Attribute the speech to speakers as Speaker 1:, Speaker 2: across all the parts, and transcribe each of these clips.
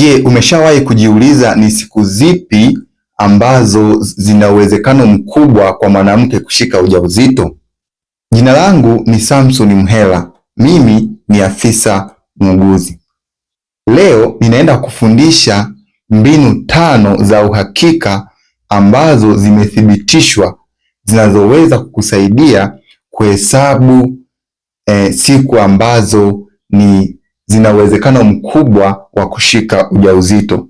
Speaker 1: Je, umeshawahi kujiuliza ni siku zipi ambazo zina uwezekano mkubwa kwa mwanamke kushika ujauzito? Jina langu ni Samson Mhela. Mimi ni afisa muuguzi. Leo ninaenda kufundisha mbinu tano za uhakika ambazo zimethibitishwa zinazoweza kukusaidia kuhesabu eh, siku ambazo ni zina uwezekano mkubwa wa kushika ujauzito.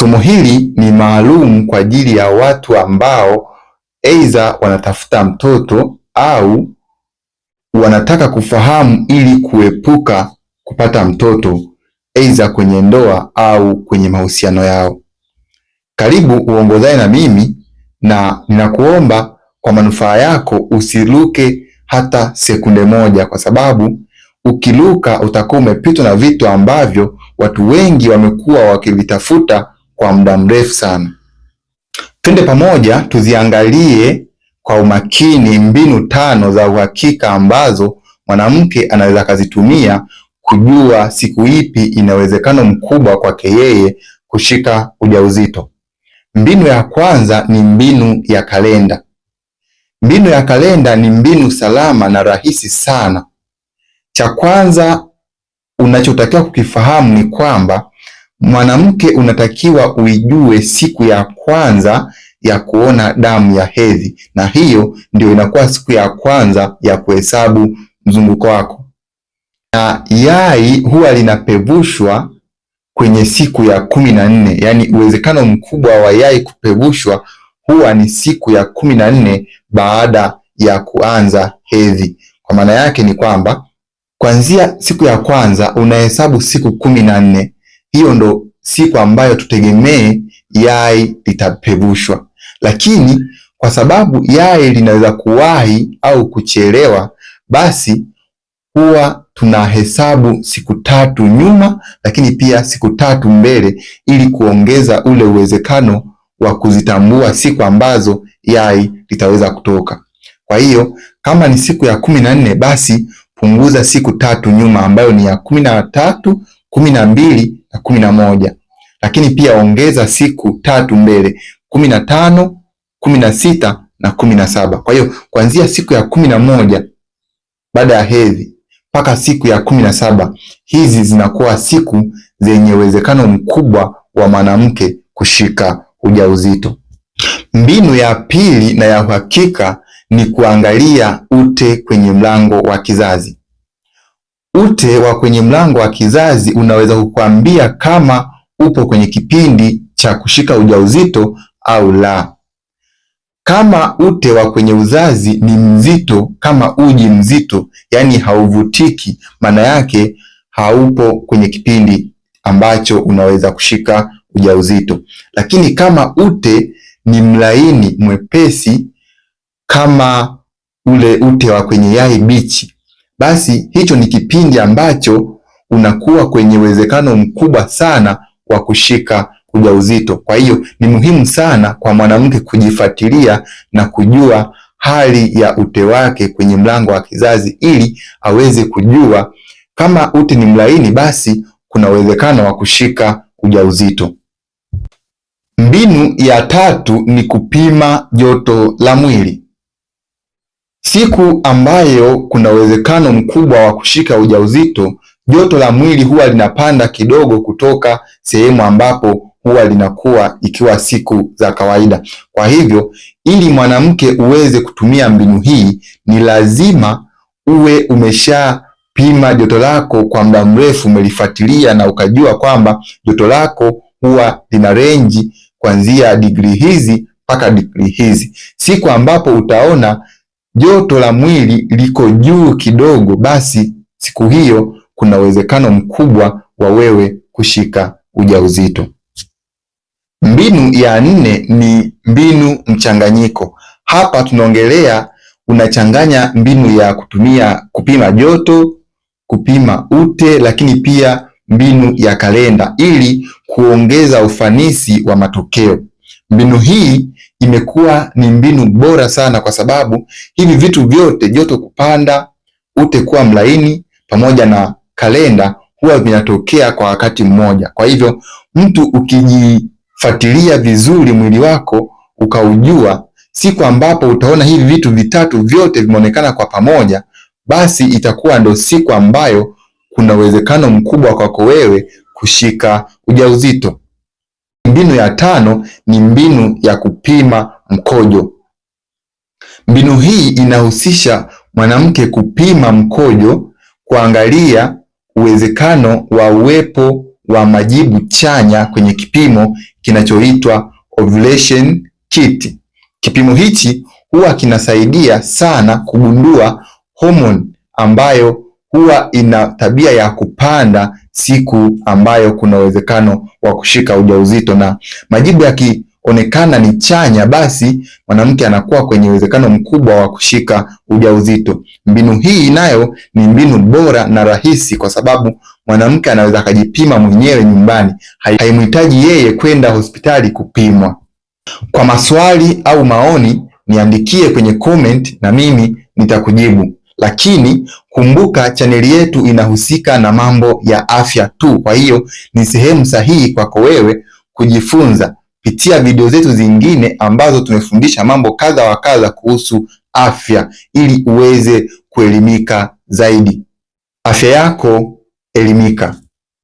Speaker 1: Somo hili ni maalum kwa ajili ya watu ambao aidha wanatafuta mtoto au wanataka kufahamu ili kuepuka kupata mtoto aidha kwenye ndoa au kwenye mahusiano yao. Karibu uongozane na mimi na ninakuomba kwa manufaa yako usiruke hata sekunde moja, kwa sababu ukiluka utakuwa umepitwa na vitu ambavyo watu wengi wamekuwa wakivitafuta kwa muda mrefu sana. Twende pamoja tuziangalie kwa umakini mbinu tano za uhakika ambazo mwanamke anaweza akazitumia kujua siku ipi ina uwezekano mkubwa kwake yeye kushika ujauzito. Mbinu ya kwanza ni mbinu ya kalenda. Mbinu ya kalenda ni mbinu salama na rahisi sana cha kwanza unachotakiwa kukifahamu ni kwamba mwanamke unatakiwa uijue siku ya kwanza ya kuona damu ya hedhi, na hiyo ndio inakuwa siku ya kwanza ya kuhesabu mzunguko wako, na yai huwa linapevushwa kwenye siku ya kumi na nne. Yaani uwezekano mkubwa wa yai kupevushwa huwa ni siku ya kumi na nne baada ya kuanza hedhi. Kwa maana yake ni kwamba Kuanzia siku ya kwanza unahesabu siku kumi na nne. Hiyo ndo siku ambayo tutegemee yai litapevushwa, lakini kwa sababu yai linaweza kuwahi au kuchelewa, basi huwa tunahesabu siku tatu nyuma, lakini pia siku tatu mbele, ili kuongeza ule uwezekano wa kuzitambua siku ambazo yai litaweza kutoka. Kwa hiyo kama ni siku ya kumi na nne, basi punguza siku tatu nyuma ambayo ni ya kumi na tatu, kumi na mbili na kumi na moja, lakini pia ongeza siku tatu mbele, kumi na tano, kumi na sita na kumi na saba. Kwa hiyo kuanzia siku ya kumi na moja baada ya hedhi mpaka siku ya kumi na saba, hizi zinakuwa siku zenye uwezekano mkubwa wa mwanamke kushika ujauzito. Mbinu ya pili na ya uhakika ni kuangalia ute kwenye mlango wa kizazi. Ute wa kwenye mlango wa kizazi unaweza kukwambia kama upo kwenye kipindi cha kushika ujauzito au la. Kama ute wa kwenye uzazi ni mzito kama uji mzito, yaani hauvutiki, maana yake haupo kwenye kipindi ambacho unaweza kushika ujauzito. Lakini kama ute ni mlaini mwepesi kama ule ute wa kwenye yai bichi, basi hicho ni kipindi ambacho unakuwa kwenye uwezekano mkubwa sana wa kushika ujauzito. Kwa hiyo ni muhimu sana kwa mwanamke kujifuatilia na kujua hali ya ute wake kwenye mlango wa kizazi ili aweze kujua kama ute ni mlaini, basi kuna uwezekano wa kushika ujauzito. Mbinu ya tatu ni kupima joto la mwili. Siku ambayo kuna uwezekano mkubwa wa kushika ujauzito, joto la mwili huwa linapanda kidogo kutoka sehemu ambapo huwa linakuwa ikiwa siku za kawaida. Kwa hivyo, ili mwanamke uweze kutumia mbinu hii, ni lazima uwe umeshapima joto lako kwa muda mrefu, umelifuatilia na ukajua kwamba joto lako huwa lina renji kuanzia digrii hizi mpaka digrii hizi. Siku ambapo utaona joto la mwili liko juu kidogo, basi siku hiyo kuna uwezekano mkubwa wa wewe kushika ujauzito. Mbinu ya nne ni mbinu mchanganyiko. Hapa tunaongelea unachanganya mbinu ya kutumia kupima joto, kupima ute, lakini pia mbinu ya kalenda ili kuongeza ufanisi wa matokeo. Mbinu hii imekuwa ni mbinu bora sana, kwa sababu hivi vitu vyote, joto kupanda, ute kuwa mlaini, pamoja na kalenda, huwa vinatokea kwa wakati mmoja. Kwa hivyo mtu ukijifuatilia vizuri mwili wako ukaujua, siku ambapo utaona hivi vitu vitatu vyote vimeonekana kwa pamoja, basi itakuwa ndo siku ambayo kuna uwezekano mkubwa kwako wewe kushika ujauzito. Mbinu ya tano ni mbinu ya kupima mkojo. Mbinu hii inahusisha mwanamke kupima mkojo, kuangalia uwezekano wa uwepo wa majibu chanya kwenye kipimo kinachoitwa ovulation kit. Kipimo hichi huwa kinasaidia sana kugundua homoni ambayo huwa ina tabia ya kupanda siku ambayo kuna uwezekano wa kushika ujauzito, na majibu yakionekana ni chanya, basi mwanamke anakuwa kwenye uwezekano mkubwa wa kushika ujauzito. Mbinu hii nayo ni mbinu bora na rahisi, kwa sababu mwanamke anaweza akajipima mwenyewe nyumbani, haimhitaji yeye kwenda hospitali kupimwa. Kwa maswali au maoni niandikie kwenye comment na mimi nitakujibu lakini kumbuka chaneli yetu inahusika na mambo ya afya tu. Kwa hiyo ni sehemu sahihi kwako wewe kujifunza. Pitia video zetu zingine ambazo tumefundisha mambo kadha wa kadha kuhusu afya ili uweze kuelimika zaidi. Afya yako elimika.